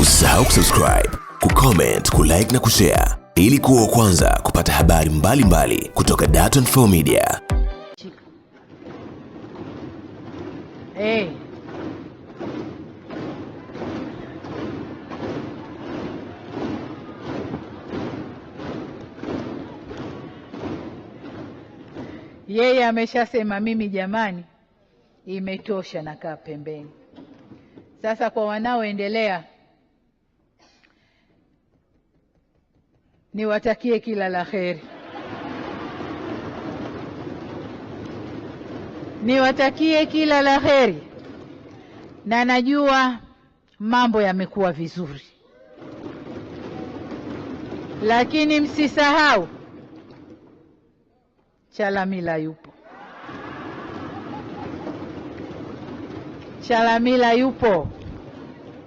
Usisahau kusubscribe, kucomment, kulike na kushare ili kuwa kwanza kupata habari mbalimbali mbali kutoka Dar24 Media. Hey. Yeye ameshasema mimi, jamani, imetosha, nakaa pembeni. Sasa kwa wanaoendelea niwatakie kila la heri, niwatakie kila la heri, na najua mambo yamekuwa vizuri, lakini msisahau Chalamila yupo, Chalamila yupo.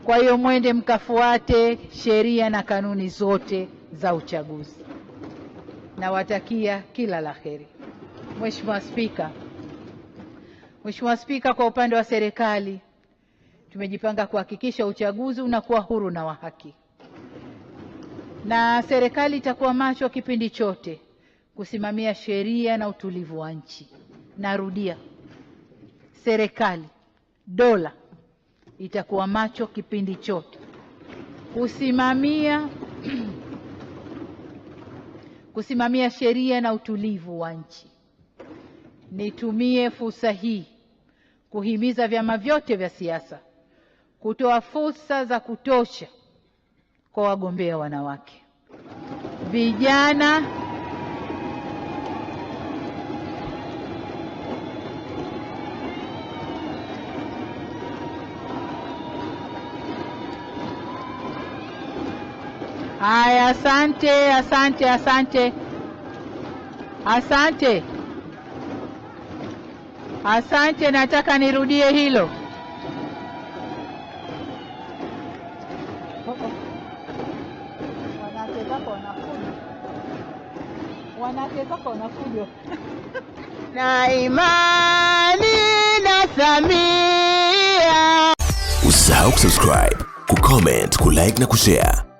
Kwa hiyo mwende mkafuate sheria na kanuni zote za uchaguzi. Nawatakia kila la heri. Mheshimiwa Spika. Mheshimiwa Spika, kwa upande wa serikali tumejipanga kuhakikisha uchaguzi unakuwa huru na wa haki, na serikali itakuwa macho kipindi chote kusimamia sheria na utulivu wa nchi. Narudia, serikali dola itakuwa macho kipindi chote kusimamia kusimamia sheria na utulivu wa nchi. Nitumie fursa hii kuhimiza vyama vyote vya siasa kutoa fursa za kutosha kwa wagombea wanawake, vijana Haya, asante, asante, asante, asante, asante. Nataka nirudie hilo. na imani na Samia. Usisahau kusubscribe, kucomment, kulike na kushare